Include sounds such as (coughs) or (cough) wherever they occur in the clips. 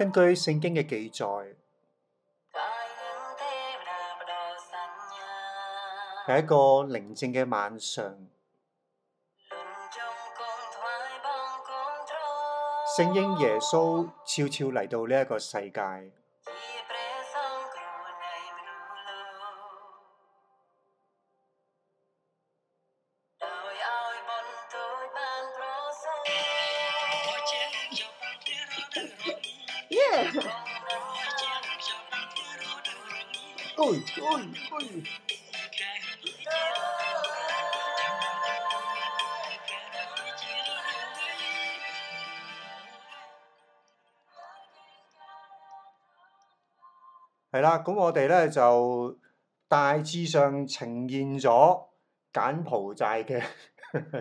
根據聖經嘅記載，喺一個寧靜嘅晚上，聖嬰耶穌悄悄嚟到呢一個世界。係啦，咁我哋咧就大致上呈現咗柬埔寨嘅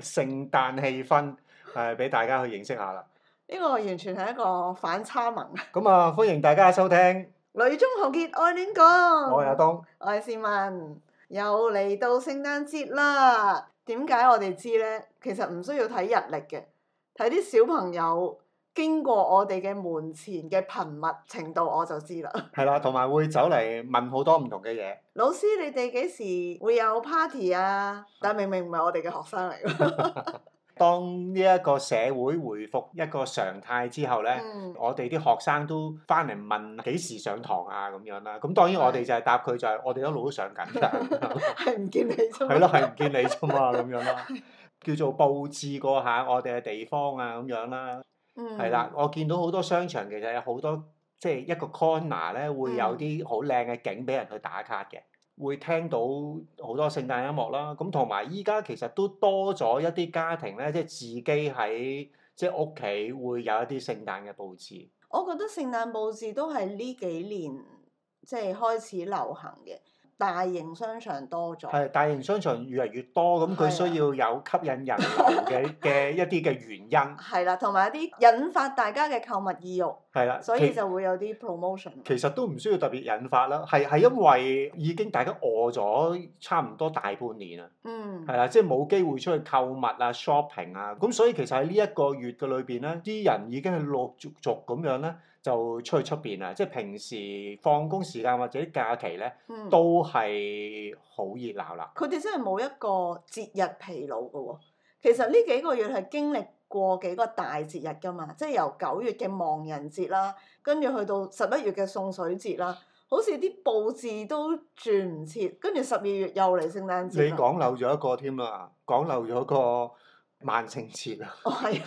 聖誕氣氛，誒，俾大家去認識下啦。呢個完全係一個反差萌。咁啊，歡迎大家收聽。女中豪傑愛戀歌，我係阿東，我係斯文，又嚟到聖誕節啦。點解我哋知呢？其實唔需要睇日曆嘅，睇啲小朋友經過我哋嘅門前嘅頻密程度，我就知啦。係啦，同埋會走嚟問好多唔同嘅嘢。老師，你哋幾時會有 party 啊？但明明唔係我哋嘅學生嚟。 (laughs) 當呢一個社會回復一個常態之後咧，嗯、我哋啲學生都翻嚟問幾時上堂啊，咁樣啦。咁當然我哋就係答佢就係，我哋一路都上緊嘅。係唔 (laughs) (laughs) 見你咋係咯，係唔見你咋嘛，咁樣啦。叫做佈置過下我哋嘅地方啊，咁樣啦。係啦、嗯，我見到好多商場其實有好多即係一個 corner 咧，會有啲好靚嘅景俾人去打卡嘅。會聽到好多聖誕音樂啦，咁同埋依家其實都多咗一啲家庭咧，即係自己喺即係屋企會有一啲聖誕嘅佈置。我覺得聖誕佈置都係呢幾年即係、就是、開始流行嘅。大型商場多咗，係大型商場越嚟越多，咁佢需要有吸引人流嘅嘅是的 (laughs) 一啲嘅原因。係啦，同埋一啲引發大家嘅購物意欲。係啦的，所以就會有啲 promotion。其實都唔需要特別引發啦，係係因為已經大家餓咗差唔多大半年啊。嗯。係啦，即係冇機會出去購物啊、shopping 啊，咁所以其實喺呢一個月嘅裏邊咧，啲人已經係陸續續咁樣咧。就出去出面啊！即係平時放工時間或者假期咧，嗯、都係好熱鬧啦。佢哋真係冇一個節日疲勞㗎喎、哦。其實呢幾個月係經歷過幾個大節日㗎嘛，即係由九月嘅亡人節啦，跟住去到十一月嘅送水節啦，好似啲佈置都轉唔切，跟住十二月又嚟聖誕節。你講漏咗一個添啦，講漏咗個萬聖節啊！哦， (laughs) (laughs) 係，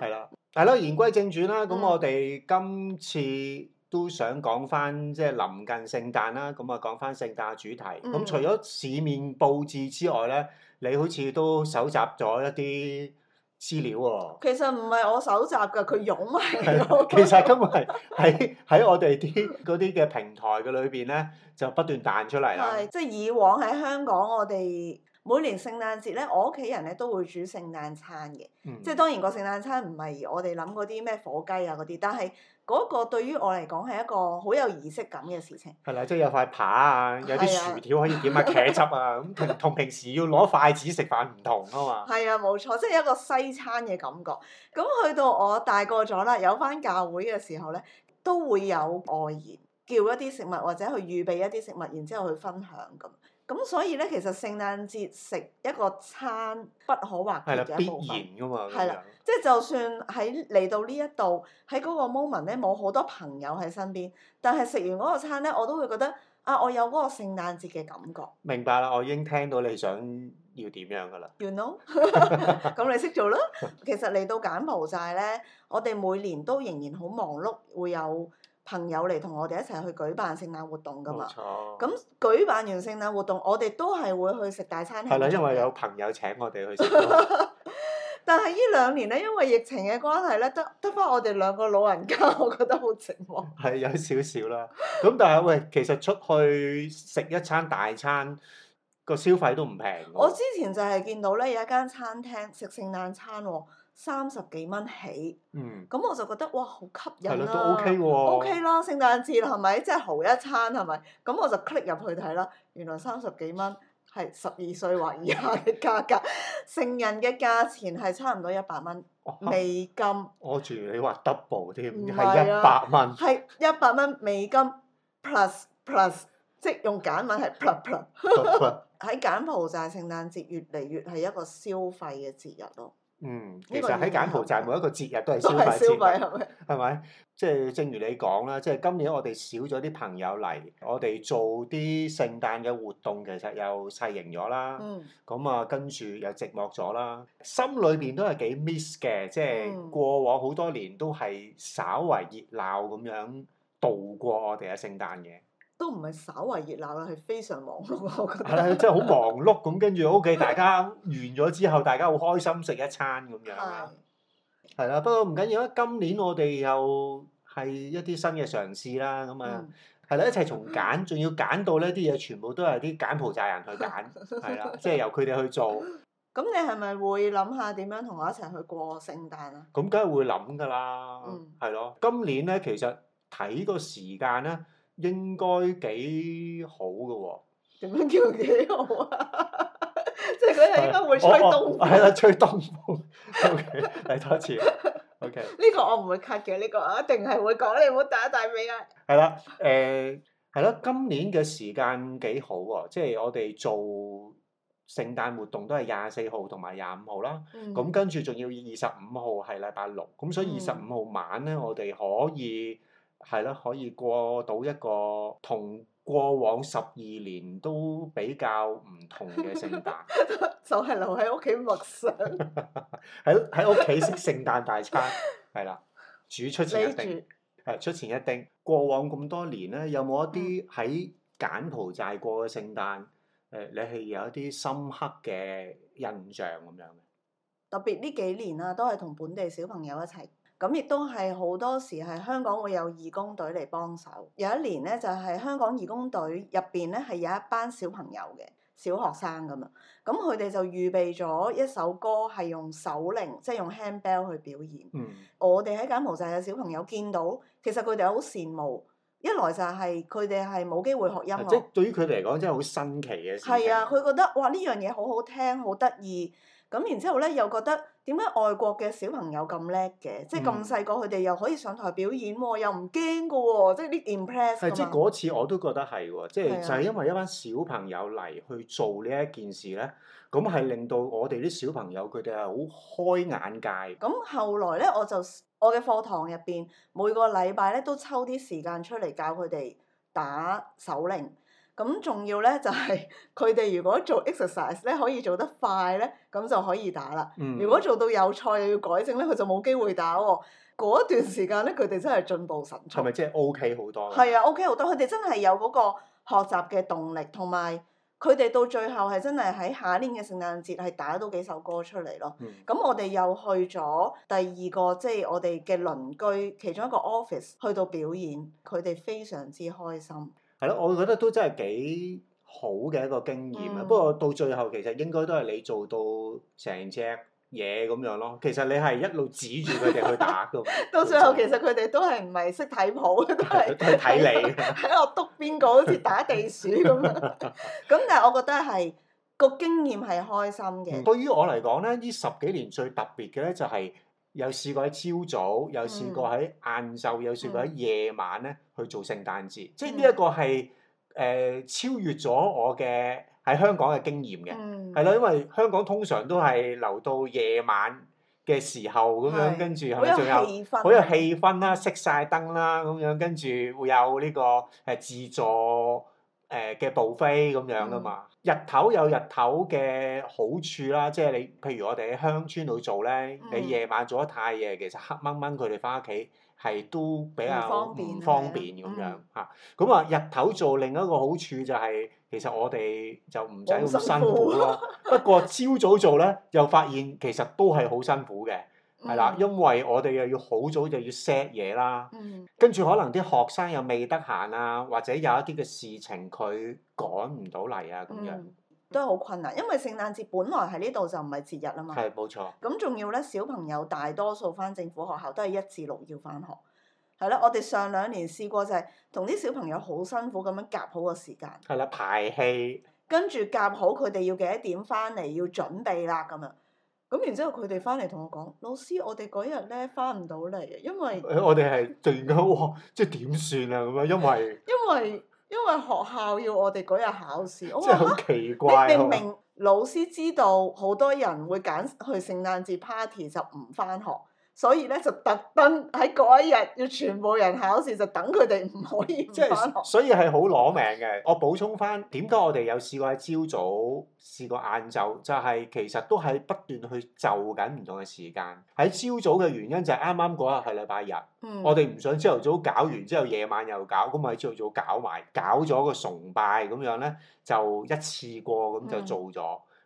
係啦。係咯，言歸正傳啦，咁、嗯、我哋今次都想講翻即係臨近聖誕啦，咁啊講翻聖誕嘅主題。咁、嗯、除咗市面佈置之外咧，你好似都搜集咗一啲資料喎、哦。其實唔係我搜集嘅，佢湧嚟。其實因為喺喺我哋啲嗰啲嘅平台嘅裏邊咧，就不斷彈出嚟啦。係，即係以往喺香港我哋。每年聖誕節咧，我屋企人咧都會煮聖誕餐嘅，嗯、即係當然個聖誕餐唔係我哋諗嗰啲咩火雞啊嗰啲，但係嗰個對於我嚟講係一個好有儀式感嘅事情。係啦，即係有塊扒啊，有啲薯條可以點下的茄汁啊，咁同同平時要攞筷子食飯唔同啊嘛。係啊，冇錯，即係一個西餐嘅感覺。咁去到我大個咗啦，有返教會嘅時候咧，都會有外言叫一啲食物或者去預備一啲食物，然之後去分享咁。咁所以咧，其實聖誕節食一個餐不可或缺嘅一部分，係啦、嗯，即係就算喺嚟到呢一度，喺嗰個 moment 咧冇好多朋友喺身邊，但係食完嗰個餐咧，我都會覺得啊，我有嗰個聖誕節嘅感覺。明白啦，我已經聽到你想要點樣噶啦。You know？咁、 (laughs) 嗯、你識做啦。其實嚟到柬埔寨咧，我哋每年都仍然好忙碌，會有。朋友嚟同我哋一齊去舉辦聖誕活動噶嘛，咁錯舉辦完聖誕活動，我哋都係會去食大餐。係啦錯，因為有朋友請我哋去食。 (laughs) 但係呢兩年咧，因為疫情嘅關係咧，得得翻我哋兩個老人家，我覺得好寂寞。係有少少啦，咁但係喂，其實出去食一餐大餐，個 (laughs) 消費都唔平。我之前就係見到咧，有一間餐廳食聖誕餐喎，三十幾蚊起，咁、嗯、我就覺得哇，好吸引啦！O K OK 啦、OK，聖誕節係咪即係豪一餐係咪？咁我就 click 入去睇啦。原來三十幾蚊係十二歲或以下嘅價格， (laughs) 成人嘅價錢係差唔多一百蚊美金。我仲你話 double 添、啊，係一百蚊，係一百蚊美金 plus plus，plus 即係用簡文係 plus plus。喺 (laughs) plus. (laughs) 柬埔寨聖誕節越嚟越係一個消費嘅節日咯。嗯，其實喺柬埔寨每一個節日都係消費節日，係咪？即係、就是、正如你講啦，即、就、係、是、今年我哋少咗啲朋友嚟，我哋做啲聖誕嘅活動其實又細型咗啦。嗯，咁啊跟住又寂寞咗啦，心裏邊都係幾 miss 嘅，即、就、係、是、過往好多年都係稍為熱鬧咁樣度過我哋嘅聖誕嘅。都唔係稍為熱鬧啦，係非常忙碌啊！我覺得係啊，即係好忙碌咁，跟住屋企大家完咗之後，大家好開心食一餐咁樣。係啦，不過唔緊要啊！今年我哋又係一啲新嘅嘗試啦，咁啊係啦，一齊從揀，仲要揀到呢啲嘢，全部都係啲柬埔寨人去揀，係啦，即係由佢哋去做。咁你係咪會諗下點樣同我一齊去過聖誕啊？咁梗係會諗噶啦，係咯。今年咧，其實睇個時間咧。應該幾好嘅喎、啊？點樣叫幾好啊？ (laughs) 即係佢係應該會吹東風。係啦、啊啊啊，吹東風。O K，嚟多次。O K。呢個我唔會 cut 嘅，呢、呢個我一定係會講，你唔好打大鼻啊！係啦、嗯，誒， (laughs) 係、呃、咯，今年嘅時間幾好喎、啊，即係我哋做聖誕活動都係廿四號同埋廿五號啦。咁、嗯、跟住仲要二十五號係禮拜六，咁所以二十五號晚咧，嗯、我哋可以。係咯，可以過到一個同過往十二年都比較唔同嘅聖誕， (laughs) 就係留喺屋企默想，喺喺屋企食聖誕大餐，係啦， (laughs) 煮出前一丁，係住出前一丁。過往咁多年咧，有冇一啲喺柬埔寨過嘅聖誕？誒、嗯呃，你係有一啲深刻嘅印象咁樣嘅？特別呢幾年啦、啊，都係同本地小朋友一齊。咁亦都係好多時係香港會有義工隊嚟幫手。有一年咧就係香港義工隊入邊咧係有一班小朋友嘅小學生咁啊。咁佢哋就預備咗一首歌係用手鈴，即係用 handbell 去表演。嗯、我哋喺柬埔寨嘅小朋友見到，其實佢哋好羨慕。一來就係佢哋係冇機會學音樂。即係對於佢哋嚟講，真係好新奇嘅事。係啊，佢覺得哇，呢樣嘢好好聽，好得意。咁然之後咧又覺得。點解外國嘅小朋友咁叻嘅？即係咁細個，佢哋又可以上台表演喎，嗯、又唔驚噶喎，即係啲 impress。係即嗰次我都覺得係喎，嗯、即係就係因為一班小朋友嚟去做呢一件事咧，咁係的令到我哋啲小朋友佢哋係好開眼界。咁後來咧，我就我嘅課堂入邊每個禮拜咧都抽啲時間出嚟教佢哋打手令。咁仲要咧就係佢哋如果做 exercise 咧可以做得快咧，咁就可以打啦。嗯、如果做到有錯又要改正咧，佢就冇機會打喎、哦。嗰段時間咧，佢哋真係進步神速。係咪即係 OK 好多，啊 OK、好多？係啊，OK 好多。佢哋真係有嗰個學習嘅動力，同埋佢哋到最後係真係喺下一年嘅聖誕節係打到幾首歌出嚟咯。咁、嗯、我哋又去咗第二個即係、就是、我哋嘅鄰居其中一個 office 去到表演，佢哋非常之開心。係咯，我覺得都真係幾好嘅一個經驗啊！嗯、不過到最後其實應該都係你做到成隻嘢咁樣咯。其實你係一路指住佢哋去打噶 (laughs) 到最後其實佢哋都係唔係識睇譜都係睇你。喺度督邊個好似 (laughs) 打地鼠咁，咁 (laughs) (laughs) 但係我覺得係、個經驗係開心嘅。對於我嚟講咧，呢十幾年最特別嘅咧就係、是。有試過喺朝早，有試過喺晏晝，有試過喺夜晚咧去做聖誕節，即係呢一個係誒、呃、超越咗我嘅喺香港嘅經驗嘅，係咯、嗯，因為香港通常都係留到夜晚嘅時候咁樣，跟住係咪仲有好有氣氛啦，熄晒燈啦咁樣，跟住會有呢個誒自助。誒嘅步飛咁樣噶嘛，嗯、日頭有日頭嘅好處啦，即係你譬如我哋喺鄉村度做咧，嗯、你夜晚做得太夜，其實黑掹掹佢哋翻屋企係都比較唔、嗯、方便咁、嗯、樣嚇。咁、嗯、啊日頭做另一個好處就係、是、其實我哋就唔使咁辛苦咯，辛苦 (laughs) 不過朝早做咧又發現其實都係好辛苦嘅。係啦，嗯、因為我哋又要好早就要 set 嘢啦，嗯、跟住可能啲學生又未得閒啊，或者有一啲嘅事情佢趕唔到嚟啊咁樣，嗯、都係好困難。因為聖誕節本來喺呢度就唔係節日啊嘛。係冇錯。咁仲要咧，小朋友大多數翻政府學校都係一至六要翻學，係咯。我哋上兩年試過就係同啲小朋友好辛苦咁樣夾好個時間。係啦，排戲。跟住夾好佢哋要幾多點翻嚟要準備啦咁樣。咁然之後佢哋翻嚟同我講，老師，我哋嗰日咧翻唔到嚟，因為我哋係突然間，哇，即係點算啊咁樣，因為因為因為學校要我哋嗰日考試，我好奇怪，啊、你明明老師知道好多人會揀去聖誕節 party 就唔翻學。所以咧就特登喺嗰一日要全部人考試，就等佢哋唔可以唔返學。即係，所以係好攞命嘅。我補充返，點解我哋有試過喺朝早試過晏晝，就係其實都係不斷去就緊唔同嘅時間。喺朝早嘅原因就係啱啱嗰日係禮拜日，我哋唔想朝頭早搞完之後夜晚又搞，咁咪朝早搞埋，搞咗個崇拜咁樣咧，就一次過咁就做咗，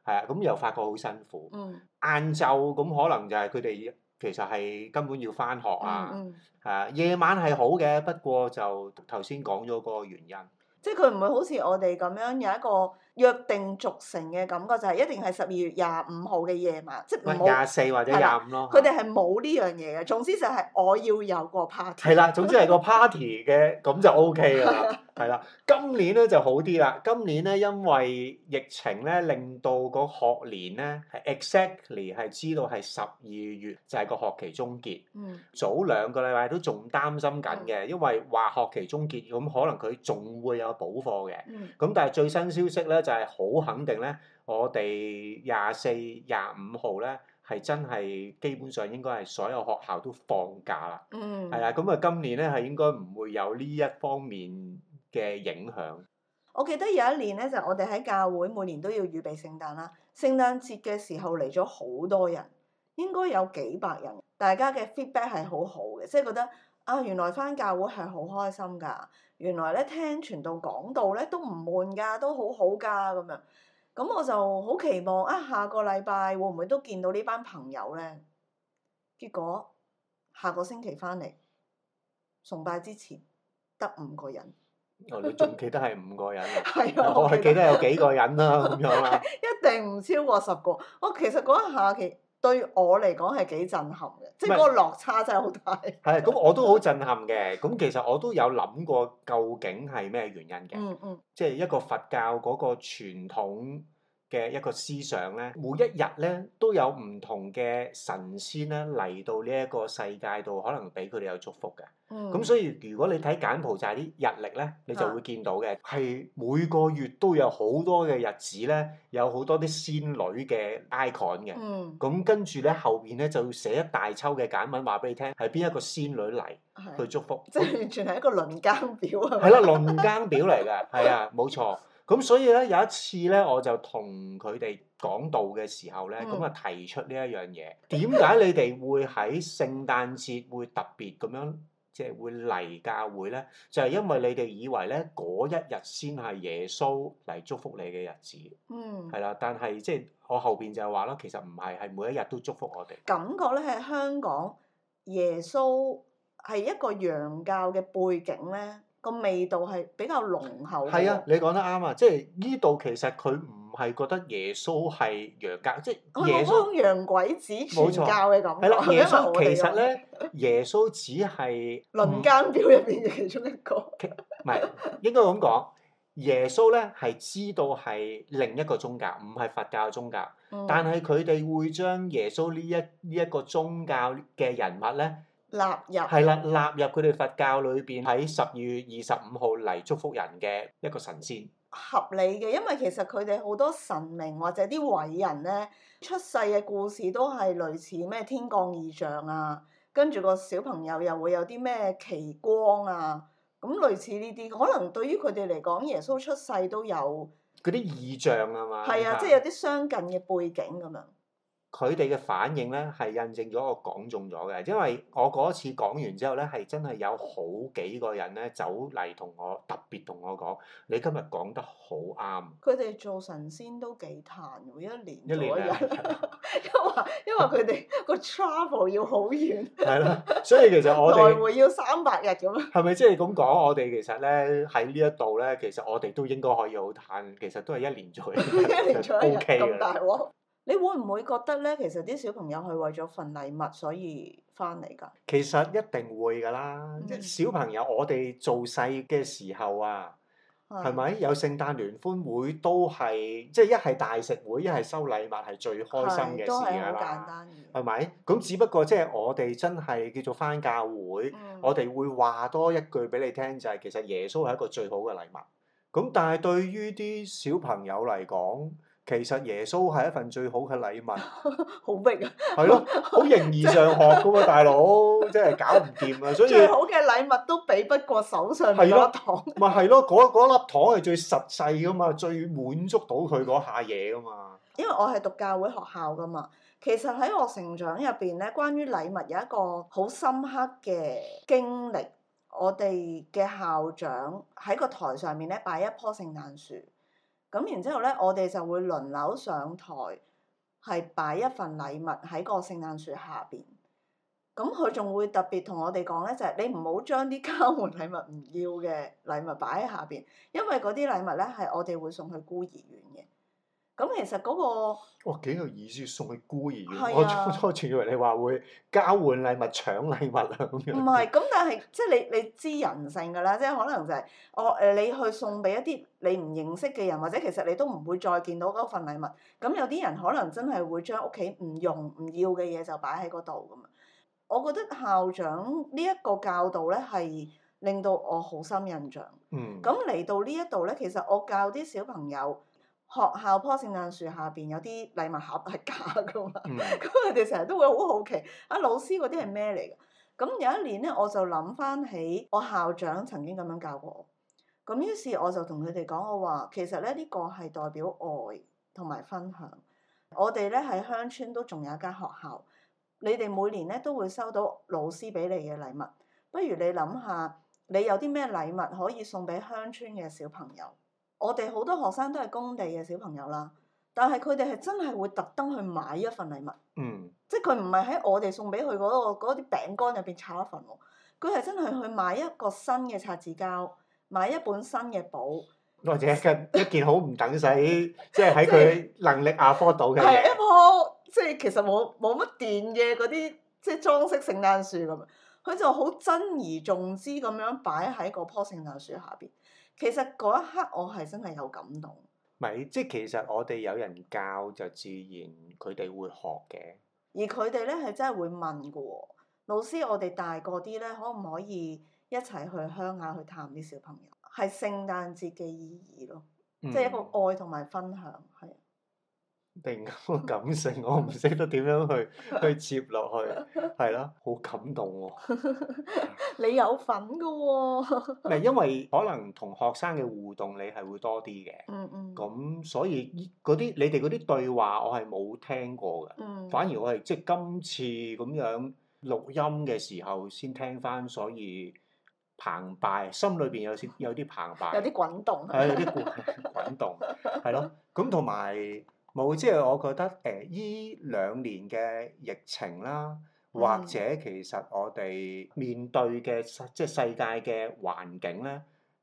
係啊，咁又發覺好辛苦。嗯，晏晝咁可能就係佢哋。其實係根本要返學啊！係、嗯嗯啊、夜晚係好嘅，不過就頭先講咗嗰個原因。即係佢唔會好似我哋咁樣有一個約定俗成嘅感覺，就係一定係十二月廿五號嘅夜晚，即係唔係廿四或者廿五咯。佢哋係冇呢樣嘢嘅，總之就係我要有個 party。係啦，總之係個 party 嘅咁就 OK 啦。 (laughs) 係啦，今年咧就好啲啦。今年咧，因為疫情咧，令到個學年咧係 exactly 係知道係十二月就係個學期終結。嗯。早兩個禮拜都仲擔心緊嘅，因為話學期終結，咁可能佢仲會有補課嘅。嗯。咁但係最新消息咧就係好肯定咧，我哋廿四廿五號咧係真係基本上應該係所有學校都放假啦。嗯。係啊，咁啊，今年咧係應該唔會有呢一方面嘅影響，我記得有一年咧，就係、我哋喺教會每年都要預備聖誕啦。聖誕節嘅時候嚟咗好多人，應該有幾百人。大家嘅 feedback 係好好嘅，即係覺得啊，原來翻教會係好開心㗎。原來咧聽傳道講道咧都唔悶㗎，都，都好好㗎咁樣。咁我就好期望啊，下個禮拜會唔會都見到呢班朋友咧？結果下個星期翻嚟崇拜之前得五個人。哦，你仲記得係五個人， (laughs) 啊、我係記得有幾個人啦咁樣啦，一定唔超過十個。我其實嗰一下其對我嚟講係幾震撼嘅，是即係嗰個落差真係好大。係、 (laughs) 啊，咁我都好震撼嘅。咁其實我都有諗過究竟係咩原因嘅，嗯嗯、即係一個佛教嗰個傳統嘅一個思想咧，每一日咧都有唔同嘅神仙咧嚟到呢一個世界度，可能俾佢哋有祝福嘅。咁、嗯、所以如果你睇柬埔寨啲日曆咧，你就會見到嘅，係每個月都有好多嘅日子咧，有好多啲仙女嘅 icon 嘅。嗯，咁跟住咧後邊咧就寫一大抽嘅柬文話俾你聽，係邊一個仙女嚟、嗯、去祝福。即係完全係一個輪更表啊！係咯，輪更表嚟噶，係啊，冇錯。 (laughs) 咁所以咧，有一次咧，我就同佢哋講道嘅時候咧，咁啊、嗯、提出呢一樣嘢。點解你哋會喺聖誕節會特別咁樣即係、就是、會嚟教會咧？就係、是、因為你哋以為咧嗰一日先係耶穌嚟祝福你嘅日子。嗯。係啦，但係即係我後邊就係話啦，其實唔係，係每一日都祝福我哋。感覺咧，喺香港，耶穌係一個洋教嘅背景咧。個味道係比較濃厚嘅。係啊，你講得啱啊！即係呢度其實佢唔係覺得耶穌係洋教，即係耶穌。洋鬼子冇教嘅感覺。係耶穌其實咧， (laughs) 耶穌只係輪奸表入面其中一個。唔 (laughs) 係應該咁講，耶穌咧係知道係另一個宗教，唔係佛教嘅宗教。嗯、但係佢哋會將耶穌呢一呢一、呢個宗教嘅人物咧。納入係啦，納入佢哋佛教裏邊，喺十二月二十五號嚟祝福人嘅一個神仙。合理嘅，因為其實佢哋好多神明或者啲偉人呢，出世嘅故事都係類似咩天降異象啊，跟住個小朋友又會有啲咩奇光啊，咁類似呢啲，可能對於佢哋嚟講，耶穌出世都有嗰啲異象啊嘛。係啊的，的即係有啲相近嘅背景咁樣。佢哋嘅反應咧，係印證咗我講中咗嘅，因為我嗰次講完之後咧，係真係有好幾個人咧走嚟同我特別同我講：你今日講得好啱。佢哋做神仙都幾攤，每一年。一年一 (laughs) 因為因為佢哋個 travel 要好遠。係咯 (laughs) 所以其實我哋。來回 (laughs) 要三百日咁啊。係咪即係咁講？我哋其實咧喺呢一度咧，其實我哋都應該可以好攤，其實都係一年在。 (laughs) 一年 OK 嘅。咁大鑊？你會唔會覺得咧？其實啲小朋友係為咗份禮物所以返嚟㗎。其實一定會㗎啦，嗯、小朋友，我哋做細嘅時候啊，係咪、嗯、有聖誕聯歡會都係即係一係大食會，一係收禮物係最開心嘅事㗎啦。都係好簡單嘅，係咪？咁只不過即係我哋真係叫做返教會，嗯、我哋會話多一句俾你聽，就係、是、其實耶穌係一個最好嘅禮物。咁但係對於啲小朋友嚟講，其實耶穌係一份最好嘅禮物，好逼啊，係咯，好形而上學嘅嘛。 (laughs) 大佬真係搞唔掂啊！所以最好嘅禮物都比不過手上嗰粒糖。咪係咯，嗰粒糖係最實際嘅嘛，最滿足到佢嗰下嘢嘅嘛。因為我係讀教會學校嘅嘛，其實喺我成長入邊咧，關於禮物有一個好深刻嘅經歷。我哋嘅校長喺個台上面咧，擺一棵聖誕樹。咁然之後咧，我哋就會輪流上台，係擺一份禮物喺個聖誕樹下邊。咁佢仲會特別同我哋講咧，就係、是、你唔好將啲交換禮物唔要嘅禮物擺喺下邊，因為嗰啲禮物咧係我哋會送去孤兒院嘅。咁其實嗰、那個，哇幾有意思送去孤兒院，啊、我初初仲以為你話會交換禮物、搶禮物啊咁樣。唔係，咁但係即係你你知人性㗎啦，即係可能就係、是，我、哦、誒你去送俾一啲你唔認識嘅人，或者其實你都唔會再見到嗰份禮物。咁有啲人可能真係會將屋企唔用唔要嘅嘢就擺喺嗰度，咁我覺得校長呢一個教導咧係令到我好深印象。嗯。咁嚟到呢一度咧，其實我教啲小朋友。學校棵聖誕樹下邊有啲禮物盒係假噶嘛，咁佢哋成日都會好好奇，啊老師嗰啲係咩嚟嘅？咁有一年咧，我就諗翻起我校長曾經咁樣教過我，咁於是我就同佢哋講我話，其實咧呢個係代表愛同埋分享。我哋咧喺鄉村都仲有一間學校，你哋每年咧都會收到老師俾你嘅禮物，不如你諗下，你有啲咩禮物可以送俾鄉村嘅小朋友？我哋好多學生都係工地嘅小朋友啦，但係佢哋係真係會特登去買一份禮物，嗯、即係佢唔係喺我哋送俾佢嗰個嗰啲餅乾入邊插一份喎，佢係真係去買一個新嘅擦紙膠，買一本新嘅簿，或者一件、 (coughs) 即係、一件好唔等使，即係喺佢能力阿科到嘅一樖，即係其實冇冇乜電嘅嗰啲即係裝飾聖誕樹咁，佢就好珍而重之咁樣擺喺個樖聖誕樹下邊。其實嗰一刻我係真係有感動，咪，即 (noise) 係樂其實我哋有人教就自然佢哋會學嘅，而佢哋咧係真係會問㗎喎、哦，老師我哋大個啲咧可唔可以一齊去鄉下去探啲小朋友？係聖誕節嘅意義咯，嗯、即係一個愛同埋分享係。突然間個感性，我唔識得點樣去去接落去，係咯，好感動喎、哦。 (laughs) 你有份噶喎、哦？因為可能同學生嘅互動，你係會多啲嘅。嗯嗯。咁、嗯、所以嗰啲你哋嗰啲對話，我係冇聽過嘅。嗯、反而我係即係今次咁樣錄音嘅時候先聽翻，所以澎湃心裏邊有少有啲澎湃，有啲滾動，係啊、嗯，有啲滾動，係咯。 (laughs) (laughs) (laughs) 咁同埋。冇，即係我覺得誒依兩年嘅疫情啦，或者其實我哋面對嘅即係世界嘅環境咧，誒、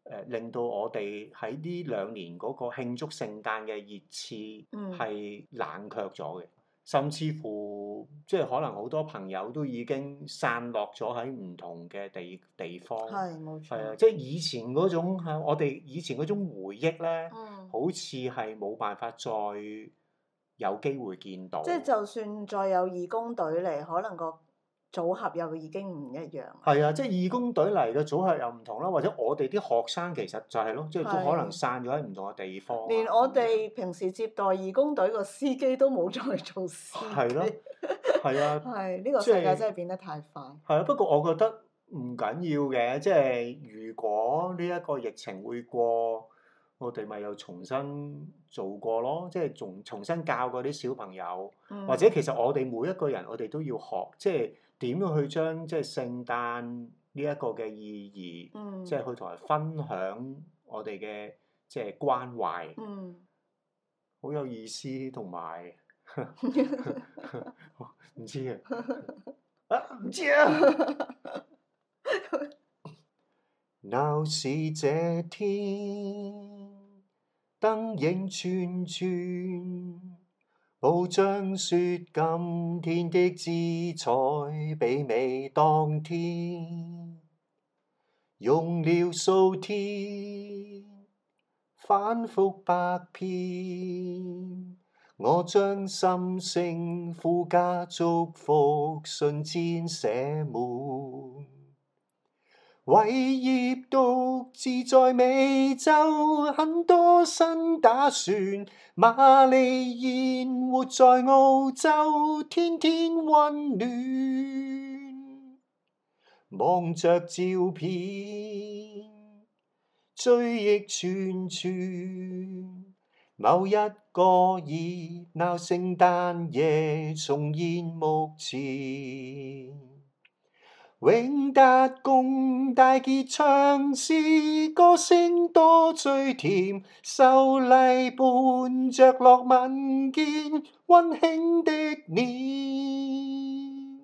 呃、令到我哋喺呢兩年嗰個慶祝聖誕嘅熱熾係冷卻咗嘅。甚至乎，即係可能好多朋友都已經散落咗喺唔同嘅地地方。係，冇錯。係啊，即係以前嗰種吓，我哋以前嗰種回憶咧，嗯、好似係冇辦法再有機會見到。即係就算再有義工隊嚟，可能個組合又已經唔一樣。係啊，即係義工隊嚟嘅組合又唔同啦，或者我哋啲學生其實就係咯，的即係都可能散咗喺唔同嘅地方。連我哋平時接待義工隊個司機都冇再做司機。係咯，係啊 (laughs) 的。係呢的個世界真係變得太快。係啊，不過我覺得唔緊要嘅，即係如果呢一個疫情會過，我哋咪又重新。做過咯，即係重重新教過啲小朋友，嗯、或者其實我哋每一個人，我哋都要學，即係點樣去將即係聖誕呢一個嘅意義，嗯、即係去同人分享我哋嘅即係關懷。嗯，好有意思，同埋唔知啊，啊唔知啊！鬧市這天，燈影串串，好像說今天的姿采比美當天，用了數天，反覆百遍，我將心聲附加祝福，瞬間寫滿。偉業獨自在美洲，很多新打算。瑪麗現活在澳洲，天天温暖。望着照片，追憶串串，某一個熱鬧聖誕夜重現目前。永達共大傑唱詩，歌聲多醉甜，秀麗伴着樂文倩，温馨的臉，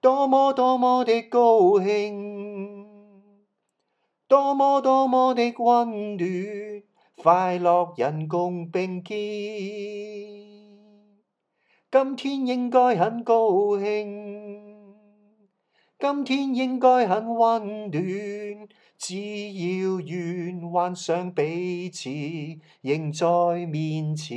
多麼多麼的高興，多麼多麼的温暖，快樂人共並肩，今天應該很高興。今天應該很溫暖，只要願幻想彼此仍在面前。